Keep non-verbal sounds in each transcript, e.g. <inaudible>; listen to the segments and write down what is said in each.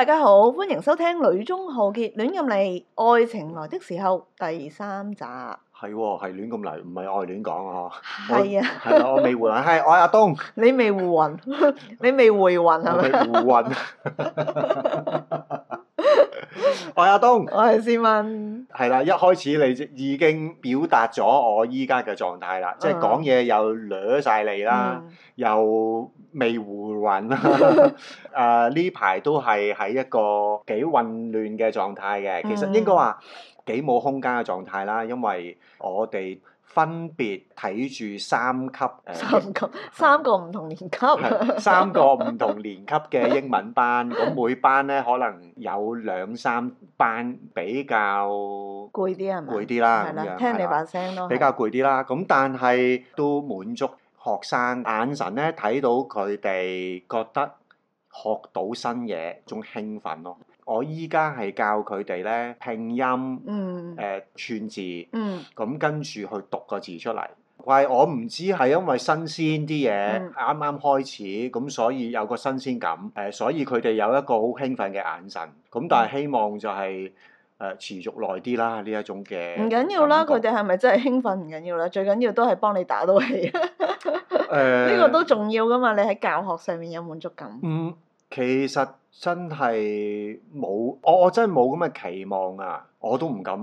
大家好，歡迎收聽《女中豪傑戀咁嚟愛情來的時候》第三集。係喎，係戀咁嚟，唔係愛戀講啊吓。係啊。係啦，我未回魂，係我係阿東。你未回魂？你未回魂係咪？回魂。我係阿東，我係詩文，係啦，一開始你已經表達咗我依家嘅狀態啦，uh huh. 即係講嘢又掠晒你啦，uh huh. 又未胡混啦，誒呢排都係喺一個幾混亂嘅狀態嘅，其實應該話幾冇空間嘅狀態啦，因為我哋。分別睇住三級三個、嗯、三個唔同年級， <laughs> 三個唔同年級嘅英文班，咁 <laughs> 每班咧可能有兩三班比較攰啲係咪？攰啲啦，係樣聽你把聲咯、啊。比較攰啲啦，咁但係都滿足學生眼神咧，睇到佢哋覺得學到新嘢，仲興奮咯。我依家係教佢哋咧拼音，誒、嗯呃、串字，咁跟住去讀個字出嚟。喂，我唔知係因為新鮮啲嘢啱啱開始，咁所以有個新鮮感，誒、呃，所以佢哋有一個好興奮嘅眼神。咁但係希望就係、是、誒、呃、持續耐啲啦，呢一種嘅。唔緊要啦，佢哋係咪真係興奮唔緊要啦，最緊要都係幫你打到氣。誒，呢個都重要㗎嘛，你喺教學上面有滿足感。嗯。其實真係冇，我我真係冇咁嘅期望啊！我都唔敢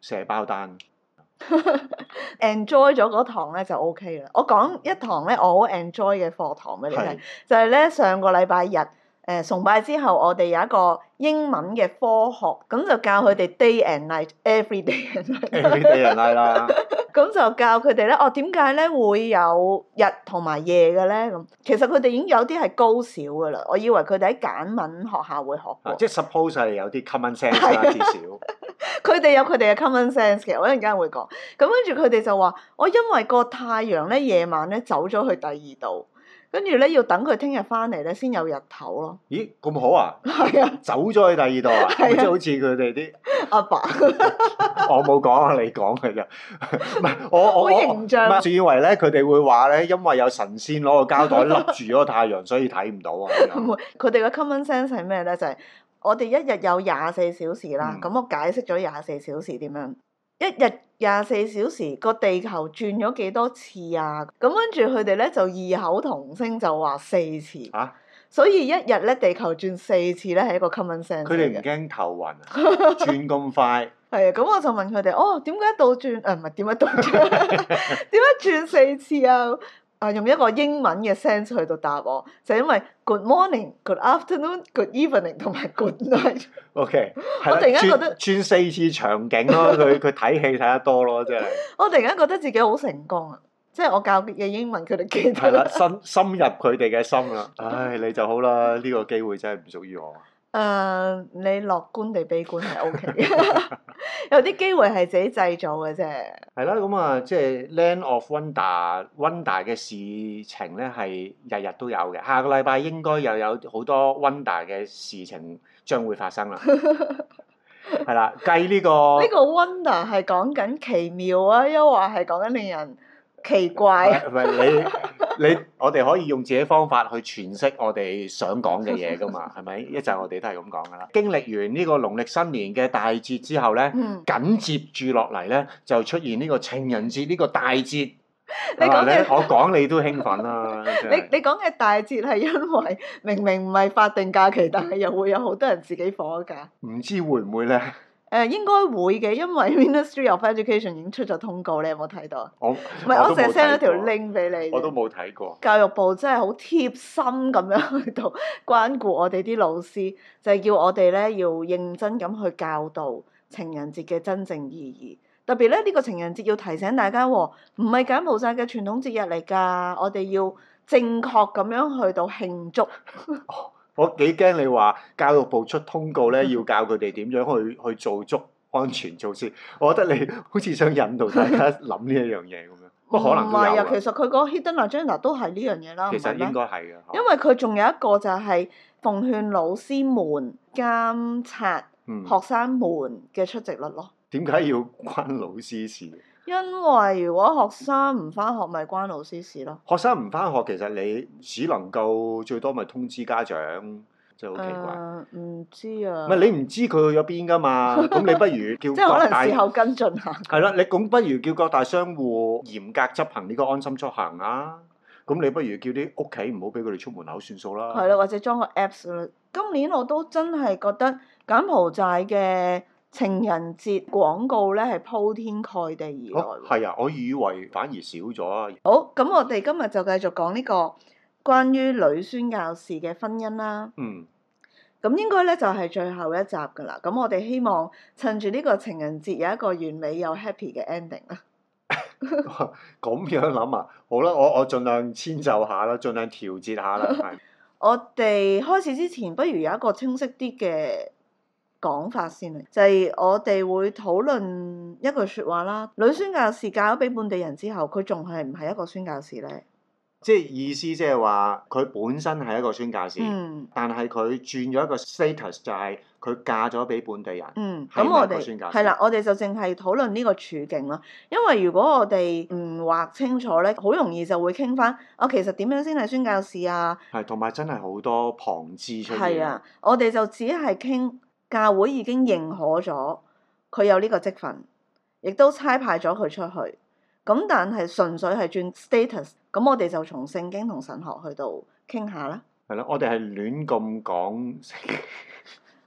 寫包單。 <laughs> enjoy 咗嗰堂咧就 OK 啦。我講一堂咧，我好 enjoy 嘅課堂俾你聽，的就係咧上個禮拜日。誒崇拜之後，我哋有一個英文嘅科學，咁就教佢哋 day and night every day and night。every day and night 啦。咁就教佢哋咧，哦點解咧會有日同埋夜嘅咧？咁其實佢哋已經有啲係高小噶啦，我以為佢哋喺簡文學校會學、啊、即係 suppose 係有啲 common sense 啦，啊、至少。佢哋 <laughs> 有佢哋嘅 common sense，其實我一陣間會講。咁跟住佢哋就話：我因為個太陽咧，夜晚咧走咗去第二度。跟住咧，要等佢聽日翻嚟咧，先有日頭咯、啊。咦？咁好啊？係啊！走咗去第二度啊！即係、啊、好似佢哋啲阿爸。 <laughs> <laughs> 我冇講啊，你講嘅咋？唔 <laughs> 係我，我好形象。仲以為咧，佢哋會話咧，因為有神仙攞個膠袋笠住咗個太陽，所以睇唔到啊。唔會 <laughs> 佢哋嘅 common sense 係咩咧？就係、是、我哋一日有廿四小時啦。咁、嗯、我解釋咗廿四小時點樣。一日廿四小時，個地球轉咗幾多次啊？咁跟住佢哋咧就異口同聲就話四次。啊！所以一日咧地球轉四次咧係一個 common sense。佢哋唔驚頭暈啊？轉咁 <laughs> 快。係啊，咁我就問佢哋，哦，點解倒轉？唔係點解倒轉？點解轉四次啊？啊！用一個英文嘅 sense 去到答我，就係、因為 Good morning、Good afternoon、Good evening 同埋 Good night。OK， <laughs> 我突然間覺得轉 <laughs> 四次場景咯，佢佢睇戲睇得多咯，真係。 <laughs> 我突然間覺得自己好成功啊！即係我教嘅英文，佢哋記得。係啦， <laughs> 深深入佢哋嘅心啦。唉，你就好啦，呢、這個機會真係唔屬於我。誒，uh, 你樂觀定悲觀係 O K，有啲機會係自己製造嘅啫。係啦， <laughs> 咁啊，即係 land of wonder，wonder 嘅 wonder 事情咧，係日日都有嘅。下個禮拜應該又有好多 wonder 嘅事情將會發生啦。係啦， <laughs> 計呢、呢個呢個 wonder 係講緊奇妙啊，抑或係講緊令人奇怪。唔係 <laughs> 你。你我哋可以用自己方法去詮釋我哋想講嘅嘢㗎嘛？係咪？一陣我哋都係咁講㗎喇。經歷完呢個農曆新年嘅大節之後咧，嗯、緊接住落嚟咧就出現呢個情人節呢個大節。你講嘅、啊、我講你都興奮啦！你你講嘅大節係因為明明唔係法定假期，但係又會有好多人自己放一假。唔知會唔會咧？誒應該會嘅，因為 Ministry of Education 已經出咗通告，你有冇睇到啊？我唔係，我成日 send 咗條 link 俾你。我都冇睇過。教育部真係好貼心咁樣去到關顧我哋啲老師，就係叫我哋咧要認真咁去教導情人節嘅真正意義。特別咧，呢個情人節要提醒大家喎，唔係柬埔寨嘅傳統節日嚟㗎，我哋要正確咁樣去到慶祝。 <laughs> 我幾驚你話教育部出通告咧，嗯、要教佢哋點樣去去做足安全措施。我覺得你好似想引導大家諗呢一樣嘢咁樣不可能，唔係啊？其實佢個 hidden agenda 都係呢樣嘢啦，其實應該係啊，因為佢仲有一個就係奉勸老師們監察、嗯、學生們嘅出席率咯。點解要關老師事？因為如果學生唔返學，咪關老師事咯。學生唔返學，其實你只能夠最多咪通知家長，就好奇怪。唔、呃、知啊。唔係你唔知佢去咗邊㗎嘛？咁 <laughs> 你不如叫 <laughs> 即係可能事後跟進下。係啦，你咁不如叫各大商戶嚴格執行呢個安心出行啊！咁你不如叫啲屋企唔好俾佢哋出門口算數啦。係啦，或者裝個 Apps 啦。今年我都真係覺得柬埔寨嘅。情人節廣告咧係鋪天蓋地而來。係、哦、啊，我以為反而少咗啊。好，咁我哋今日就繼續講呢個關於女宣教士嘅婚姻啦。嗯。咁應該咧就係最後一集噶啦。咁我哋希望趁住呢個情人節有一個完美又 happy 嘅 ending 啦、啊。咁 <laughs> <laughs> 樣諗啊，好啦，我我盡量遷就下啦，盡量調節下啦。係。我哋 <laughs> 開始之前，不如有一個清晰啲嘅。講法先嚟，就係、是、我哋會討論一句説話啦。女宣教士嫁咗俾本地人之後，佢仲係唔係一個宣教士咧？即係意思即係話，佢本身係一個宣教士，嗯、但係佢轉咗一個 status，就係佢嫁咗俾本地人。咁、嗯嗯、我哋係啦，我哋就淨係討論呢個處境咯。因為如果我哋唔畫清楚咧，好容易就會傾翻。哦、啊，其實點樣先係宣教士啊？係，同埋真係好多旁枝出嚟。係啊，我哋就只係傾。教會已經認可咗佢有呢個職分，亦都差派咗佢出去。咁但係純粹係轉 status。咁我哋就從聖經同神學去到傾下啦。係啦，我哋係亂咁講。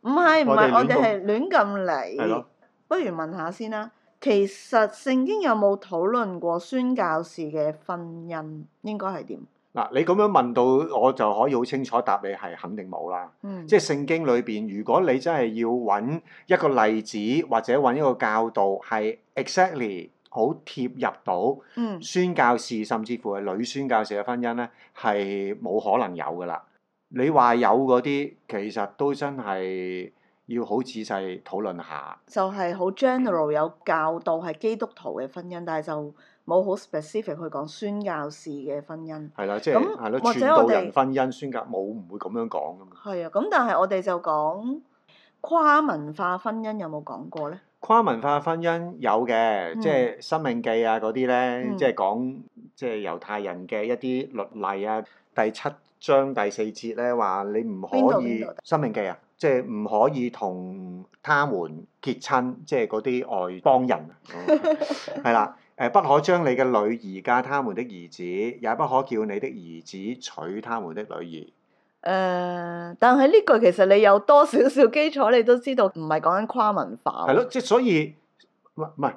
唔係唔係，我哋係亂咁嚟。不如問下先啦。其實聖經有冇討論過宣教士嘅婚姻應該係點？嗱，你咁樣問到我就可以好清楚答你係肯定冇啦。嗯，即係聖經裏邊，如果你真係要揾一個例子或者揾一個教導係 exactly 好貼入到，嗯，宣教士甚至乎係女宣教士嘅婚姻咧，係冇可能有噶啦。你話有嗰啲，其實都真係要好仔細討論下。就係好 general 有教導係基督徒嘅婚姻，但係就。冇好 specific 去講宣教士嘅婚姻，係啦，即係或者我哋傳道人婚姻宣教冇唔會咁樣講㗎嘛。係啊，咁但係我哋就講跨文化婚姻有冇講過咧？跨文化婚姻有嘅，有嗯、即係《申命記》啊嗰啲咧，即係講即係猶太人嘅一啲律例啊。第七章第四節咧話你唔可以《申命記》啊，即係唔可以同他們結親，即係嗰啲外邦人係啦。那個那個那個那個誒不可將你嘅女兒嫁他們的兒子，也不可叫你的兒子娶他們的女兒。誒、呃，但係呢句其實你有多少少基礎，你都知道唔係講緊跨文化。係咯，即係所以唔係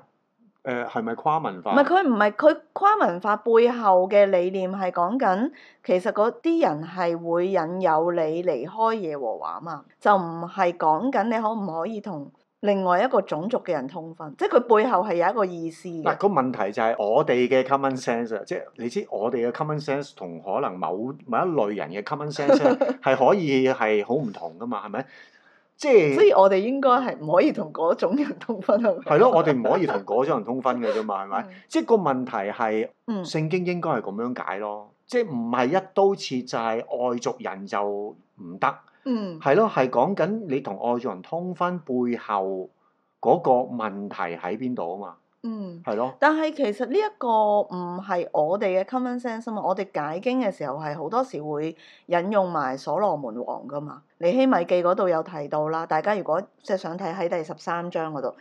誒係咪跨文化？唔係佢唔係佢跨文化背後嘅理念係講緊，其實嗰啲人係會引誘你離開耶和華啊嘛，就唔係講緊你可唔可以同。另外一個種族嘅人通婚，即係佢背後係有一個意思嗱，啊個問題就係我哋嘅 common sense，即係你知我哋嘅 common sense 同可能某某一類人嘅 common sense 係 <laughs> 可以係好唔同噶嘛，係咪？即係。所以我哋應該係唔可以同嗰種人通婚。係咯、 <laughs> 啊，我哋唔可以同嗰種人通婚嘅啫嘛，係咪？ <laughs> 即係個問題係聖經應該係咁樣解咯，即係唔係一刀切就係外族人就唔得。嗯，係咯，係講緊你同外族人通婚背後嗰個問題喺邊度啊嘛？嗯，係咯。但係其實呢一個唔係我哋嘅 common sense 啊嘛，我哋解經嘅時候係好多時會引用埋所羅門王噶嘛。尼希米記嗰度有提到啦，大家如果即係想睇喺第十三章嗰度，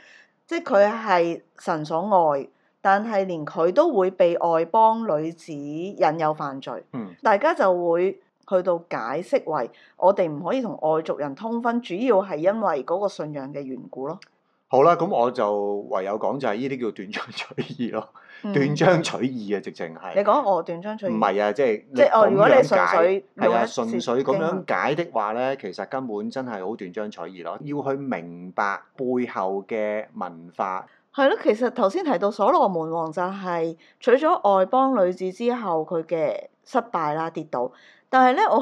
即係佢係神所愛，但係連佢都會被外邦女子引誘犯罪。嗯，mm. 大家就會。去到解釋為我哋唔可以同外族人通婚，主要係因為嗰個信仰嘅緣故咯。好啦，咁我就唯有講就係呢啲叫斷章取義咯，斷、嗯、章取義啊直情係你講我斷章取義唔係啊，即係即係哦。如果你純粹係啊，純粹咁樣解的話咧，其實根本真係好斷章取義咯。要去明白背後嘅文化係咯、嗯。其實頭先提到所羅門王就係娶咗外邦女子之後，佢嘅失敗啦，跌倒。但係咧，我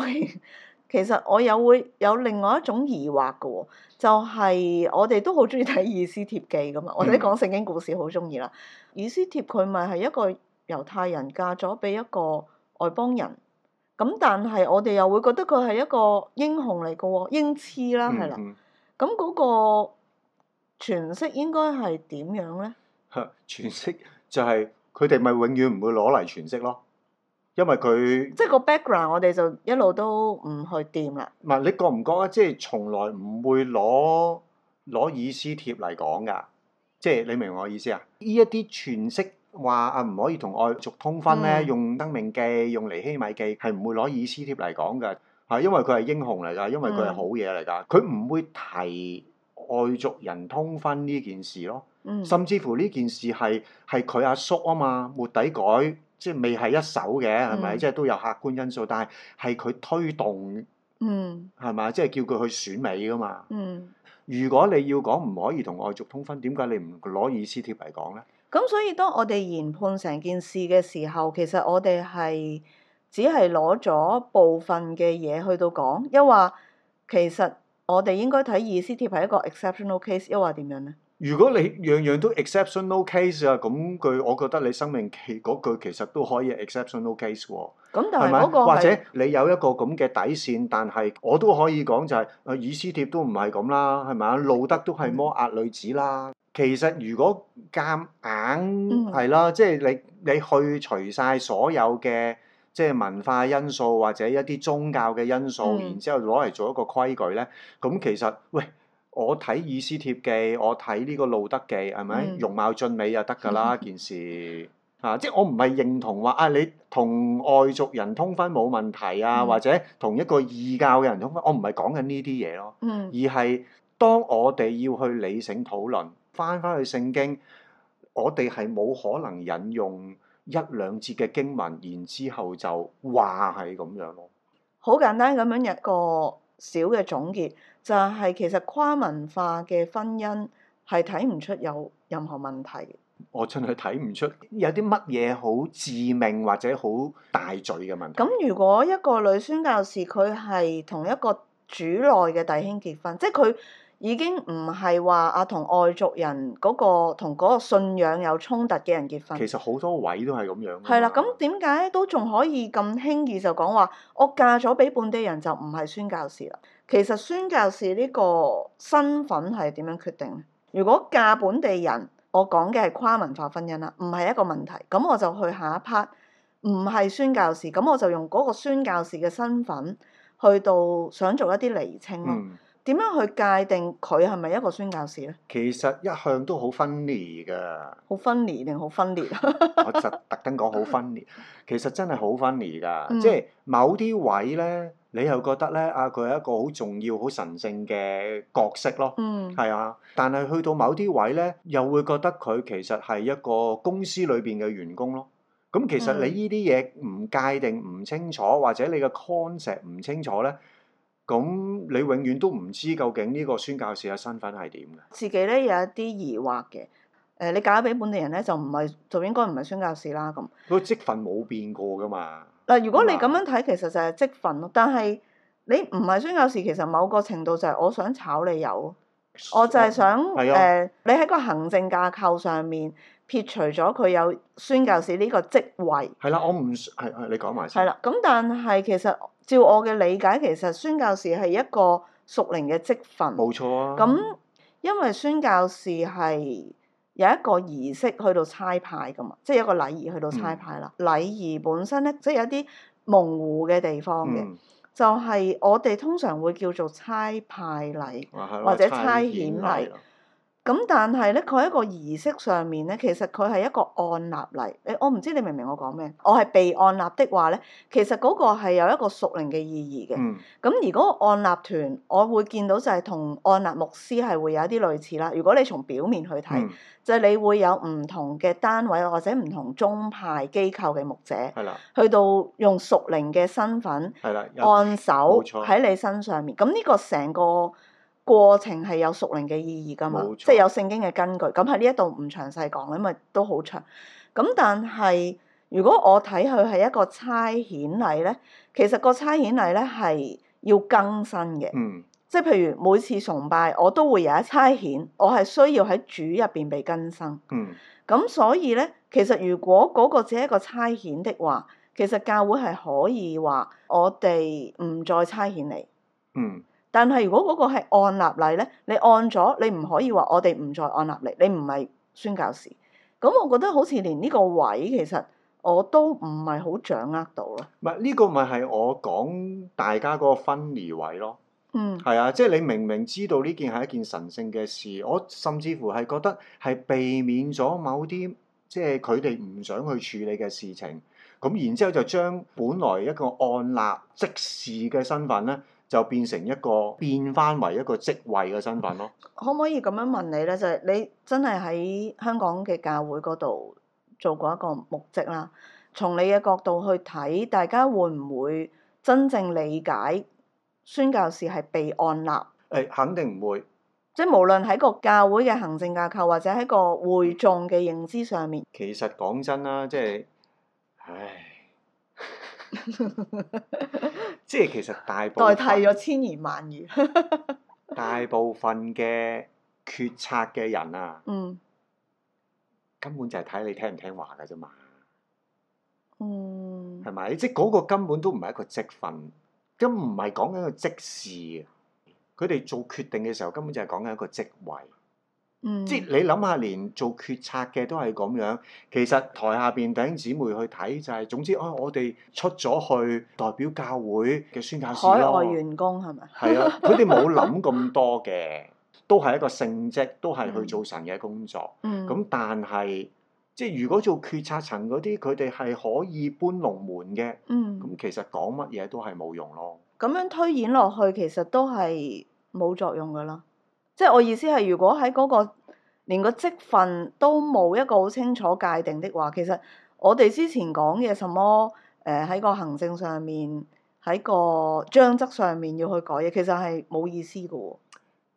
其實我又會有另外一種疑惑嘅喎、哦，就係、是、我哋都好中意睇《以斯帖記》噶嘛，或者講聖經故事好中意啦，《以斯帖》佢咪係一個猶太人嫁咗俾一個外邦人，咁但係我哋又會覺得佢係一個英雄嚟嘅喎，英雌啦，係啦，咁嗰、嗯嗯嗯、個詮釋應該係點樣咧？嚇，詮釋就係佢哋咪永遠唔會攞嚟詮釋咯。因為佢即係個 background，我哋就一路都唔去掂啦。唔係你覺唔覺啊？即係從來唔會攞攞以斯帖嚟講㗎。即係你明我意思啊？呢一啲傳説話啊，唔可以同外族通婚咧，用申命記，用尼希米記，係唔會攞以斯帖嚟講㗎。係因為佢係英雄嚟㗎，因為佢係好嘢嚟㗎。佢唔會提外族人通婚呢件事咯。嗯，甚至乎呢件事係係佢阿叔啊嘛，末底改。即係未係一手嘅，係咪？嗯、即係都有客觀因素，但係係佢推動，係咪、嗯？即係叫佢去選美噶嘛？嗯、如果你要講唔可以同外族通婚，點解你唔攞以斯帖嚟講咧？咁所以當我哋研判成件事嘅時候，其實我哋係只係攞咗部分嘅嘢去到講，又話其實我哋應該睇以斯帖係一個 exceptional case，又話點樣咧？如果你樣樣都 exceptional case 啊，咁佢我覺得你生命其嗰句其實都可以 exceptional case 喎。咁但係嗰個或者你有一個咁嘅底線，但係我都可以講就係，啊以斯帖都唔係咁啦，係咪？路德都係摩押女子啦。其實如果夾硬係啦，即係你你去除曬所有嘅即係文化因素或者一啲宗教嘅因素，然之後攞嚟做一個規矩咧，咁其實喂。我睇《以斯帖記》，我睇呢個《路德記》是是，係咪、嗯、容貌俊美就得㗎啦？件事嚇、啊，即係我唔係認同話啊，你同外族人通婚冇問題啊，嗯、或者同一個異教嘅人通婚，我唔係講緊呢啲嘢咯，嗯、而係當我哋要去理性討論，翻翻去聖經，我哋係冇可能引用一兩節嘅經文，然之後就話係咁樣咯。好簡單咁樣一個小嘅總結。就係其實跨文化嘅婚姻係睇唔出有任何問題。我真係睇唔出有啲乜嘢好致命或者好大罪嘅問題。咁如果一個女宣教士，佢係同一個主內嘅弟兄結婚，即係佢已經唔係話啊同外族人嗰個同嗰個信仰有衝突嘅人結婚。其實好多位都係咁樣。係啦，咁點解都仲可以咁輕易就講話我嫁咗俾本地人就唔係宣教士啦？其實宣教士呢個身份係點樣決定？如果嫁本地人，我講嘅係跨文化婚姻啦，唔係一個問題。咁我就去下一 part，唔係宣教士，咁我就用嗰個宣教士嘅身份去到想做一啲釐清咯。嗯、點樣去界定佢係咪一個宣教士呢？其實一向都好分裂噶，好分裂定好分裂。我就特登講好分裂，其實真係好分裂噶，嗯、即係某啲位呢。你又覺得咧啊，佢係一個好重要、好神聖嘅角色咯，係、嗯、啊。但係去到某啲位咧，又會覺得佢其實係一個公司裏邊嘅員工咯。咁、嗯嗯、其實你呢啲嘢唔界定、唔清楚，或者你嘅 concept 唔清楚咧，咁、嗯、你永遠都唔知究竟呢個宣教士嘅身份係點嘅。自己咧有一啲疑惑嘅，誒、呃，你嫁俾本地人咧就唔係，就應該唔係宣教士啦。咁佢職份冇變過㗎嘛？嗱，如果你咁樣睇，其實就係職份咯。但係你唔係宣教士，其實某個程度就係我想炒你有，我就係想誒、呃，你喺個行政架構上面撇除咗佢有宣教士呢個職位。係啦，我唔係係你講埋先。係啦，咁但係其實照我嘅理解，其實宣教士係一個屬靈嘅職份。冇錯啊。咁因為宣教士係。有一個儀式去到差派嘅嘛，即係一個禮儀去到差派啦。嗯、禮儀本身咧，即係有啲模糊嘅地方嘅，嗯、就係我哋通常會叫做差派禮，或者差遣禮。咁但係咧，佢喺一個儀式上面咧，其實佢係一個按立嚟。誒，我唔知你明唔明我講咩？我係被按立的話咧，其實嗰個係有一個屬靈嘅意義嘅。嗯。咁、嗯、如果按立團，我會見到就係同按立牧師係會有一啲類似啦。如果你從表面去睇，嗯、就係你會有唔同嘅單位或者唔同宗派機構嘅牧者。係啦的。去到用屬靈嘅身份。係啦的。按手。冇錯。喺你身上面，咁呢個成個過程係有屬靈嘅意義㗎嘛，冇錯。即係有聖經嘅根據。咁喺呢一度唔詳細講，因為都好長。咁但係如果我睇佢係一個差遣禮咧，其實個差遣禮咧係要更新嘅，嗯、即係譬如每次崇拜我都會有一差遣，我係需要喺主入邊被更新。咁、嗯、所以咧，其實如果嗰個只係一個差遣的話，其實教會係可以話我哋唔再差遣你。嗯但係如果嗰個係按立例咧，你按咗你唔可以話我哋唔再按立例，你唔係宣教士。咁我覺得好似連呢個位其實我都唔係好掌握到咯。唔係呢個，咪係我講大家嗰個分離位咯。嗯，係啊，即係你明明知道呢件係一件神聖嘅事，我甚至乎係覺得係避免咗某啲即係佢哋唔想去處理嘅事情。咁然之後就將本來一個按立即事嘅身份咧。就變成一個變翻為一個職位嘅身份咯。可唔可以咁樣問你咧？就係、是、你真係喺香港嘅教會嗰度做過一個牧職啦。從你嘅角度去睇，大家會唔會真正理解宣教士係被按立？誒，肯定唔會。即係無論喺個教會嘅行政架構，或者喺個會眾嘅認知上面，其實講真啦，即、就、係、是，唉。 <laughs> 即係其實大部分代替咗千言萬語。 <laughs> 大部分嘅決策嘅人啊，嗯、根本就係睇你聽唔聽話嘅啫嘛。嗯。係咪？即係嗰個根本都唔係一個職份，都唔係講緊一個即時。佢哋做決定嘅時候，根本就係講緊一個職位。嗯、即係你諗下，連做決策嘅都係咁樣。其實台下邊弟兄姊妹去睇就係、是，總之啊，我哋出咗去代表教會嘅宣教士咯。海外員工係咪？係 <laughs> 啊，佢哋冇諗咁多嘅，都係一個性質，都係去做神嘅工作。嗯。咁但係，即係如果做決策層嗰啲，佢哋係可以搬龍門嘅。嗯。咁其實講乜嘢都係冇用咯。咁樣推演落去，其實都係冇作用噶啦。即係我意思係，如果喺嗰、那個連個職份都冇一個好清楚界定的話，其實我哋之前講嘅什麼誒喺、呃、個行政上面，喺個章則上面要去改嘢，其實係冇意思嘅喎、哦。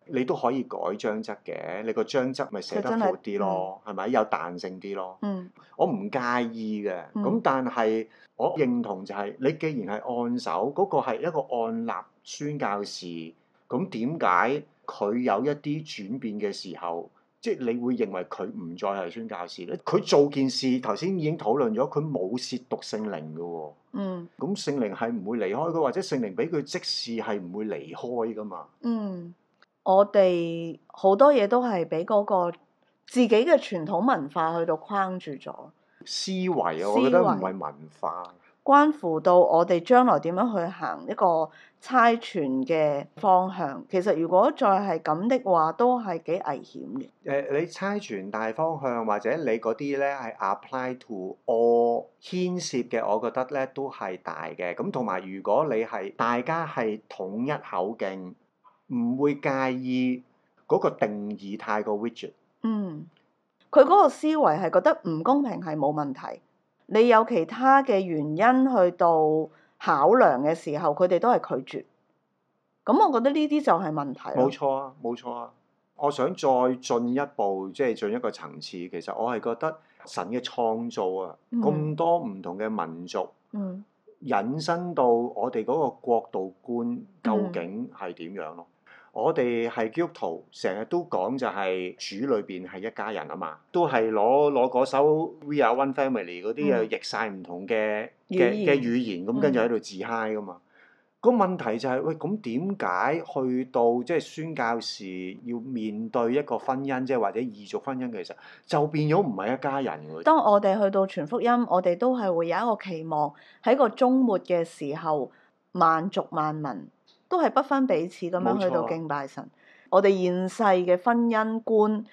你都可以改章則嘅，你個章則咪寫得好啲咯，係咪、嗯、有彈性啲咯？嗯，我唔介意嘅。咁、嗯、但係我認同就係、是、你，既然係按手嗰、那個係一個按立宣教士，咁點解？那個佢有一啲轉變嘅時候，即係你會認為佢唔再係宣教士咧？佢做件事，頭先已經討論咗，佢冇褻瀆聖靈嘅喎。嗯。咁聖靈係唔會離開佢，或者聖靈俾佢即時係唔會離開噶嘛。嗯，我哋好多嘢都係俾嗰個自己嘅傳統文化去到框住咗。思維啊，我覺得唔係文化。關乎到我哋將來點樣去行一個。猜全嘅方向，其實如果再係咁的話，都係幾危險嘅。誒、呃，你猜全大方向，或者你嗰啲咧係 apply to all 牽涉嘅，我覺得咧都係大嘅。咁同埋，如果你係大家係統一口徑，唔會介意嗰個定義太過 rigid。嗯，佢嗰個思維係覺得唔公平係冇問題。你有其他嘅原因去到考量嘅時候，佢哋都係拒絕。咁，我覺得呢啲就係問題。冇錯啊，冇錯啊。我想再進一步，即係進一個層次。其實我係覺得神嘅創造啊，咁、嗯、多唔同嘅民族，嗯、引申到我哋嗰個國度觀究竟係點樣咯？嗯嗯我哋係基督徒，成日都講就係、是、主裏邊係一家人啊嘛，都係攞攞嗰首 We Are One Family 嗰啲啊，嗯、譯晒唔同嘅嘅嘅語言咁，跟住喺度自嗨 i 噶嘛。個、嗯、問題就係、是、喂，咁點解去到即係、就是、宣教士要面對一個婚姻，即係或者異族婚姻，其實就變咗唔係一家人？當我哋去到全福音，我哋都係會有一個期望喺個終末嘅時候，萬族萬民。都係不分彼此咁樣去到敬拜神，冇錯，我哋現世嘅婚姻觀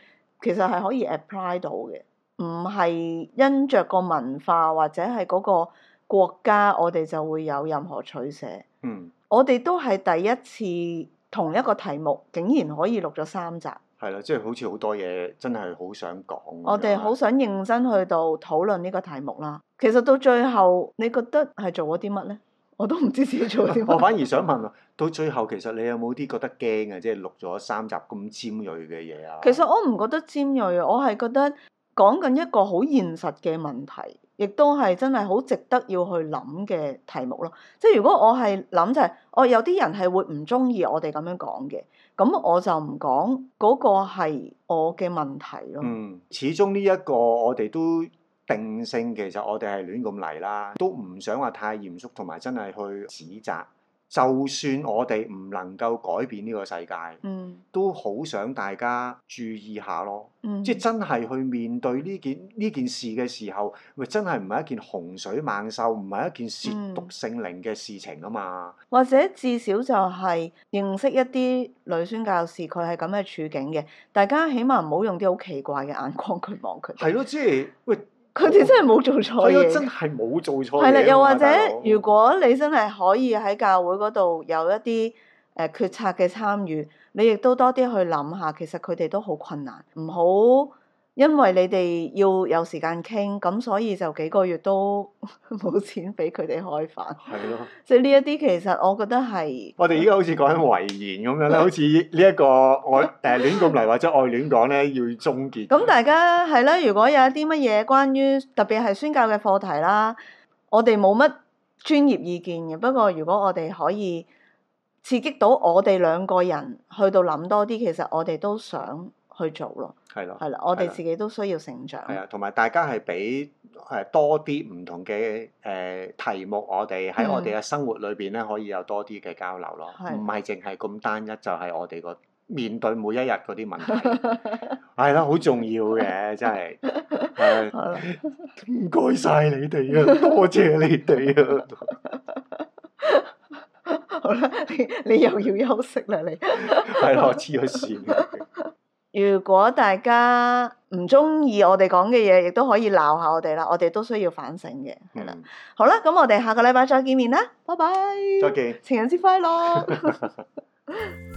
其實係可以 apply 到嘅，唔係因着個文化或者係嗰個國家，我哋就會有任何取捨。嗯，我哋都係第一次同一個題目，竟然可以錄咗三集。係咯，即係好似好多嘢真係好想講。我哋好想認真去到討論呢個題目啦。其實到最後，你覺得係做咗啲乜呢？我都唔知自己做啲乜。 <laughs> 我反而想問，到最後其實你有冇啲覺得驚呀？即係錄咗三集咁尖銳嘅嘢啊？其實我唔覺得尖銳，我係覺得講緊一個好現實嘅問題，亦都係真係好值得要去諗嘅題目咯。即係如果我係諗就係、係，有我有啲人係會唔中意我哋咁樣講嘅，咁我就唔講嗰個係我嘅問題咯。嗯，始終呢一個我哋都。定性其實我哋係亂咁嚟啦，都唔想話太嚴肅，同埋真係去指責。就算我哋唔能夠改變呢個世界，嗯，都好想大家注意下咯。嗯、即係真係去面對呢件呢件事嘅時候，咪、呃、真係唔係一件洪水猛獸，唔係一件褻瀆聖靈嘅事情啊嘛。或者至少就係認識一啲女宣教士，佢係咁嘅處境嘅，大家起碼唔好用啲好奇怪嘅眼光去望佢。係咯，即係喂。佢哋真係冇做錯嘢，真係冇做錯嘢。係啦，又或者如果你真係可以喺教會嗰度有一啲誒決策嘅參與，你亦都多啲去諗下，其實佢哋都好困難，唔好。因為你哋要有時間傾，咁所以就幾個月都冇錢俾佢哋開飯。係咯的。即係呢一啲，其實我覺得係、 <laughs> 這個。我哋而家好似講緊遺言咁樣啦，好似呢一個我誒戀咁嚟或者愛戀講咧，要終結。咁 <laughs> 大家係啦，如果有一啲乜嘢關於特別係宣教嘅課題啦，我哋冇乜專業意見嘅。不過如果我哋可以刺激到我哋兩個人去到諗多啲，其實我哋都想去做咯。係咯，係咯，的的我哋自己都需要成長。係啊，同埋大家係俾誒多啲唔同嘅誒、呃、題目我，我哋喺我哋嘅生活裏邊咧，可以有多啲嘅交流咯。唔係淨係咁單一，就係、是、我哋、嗰個面對每一日嗰啲問題，係咯， <laughs> 好重要嘅，真係。唔該晒你哋啊，多謝,謝你哋啊。 <laughs> 好啦，你又要休息啦，你係咯，我黐咗線。 <laughs> 如果大家唔中意我哋講嘅嘢，亦都可以鬧下我哋啦，我哋都需要反省嘅，係啦。嗯、好啦，咁我哋下個禮拜再見面啦，拜拜。再見。情人節快樂。 <laughs> <laughs>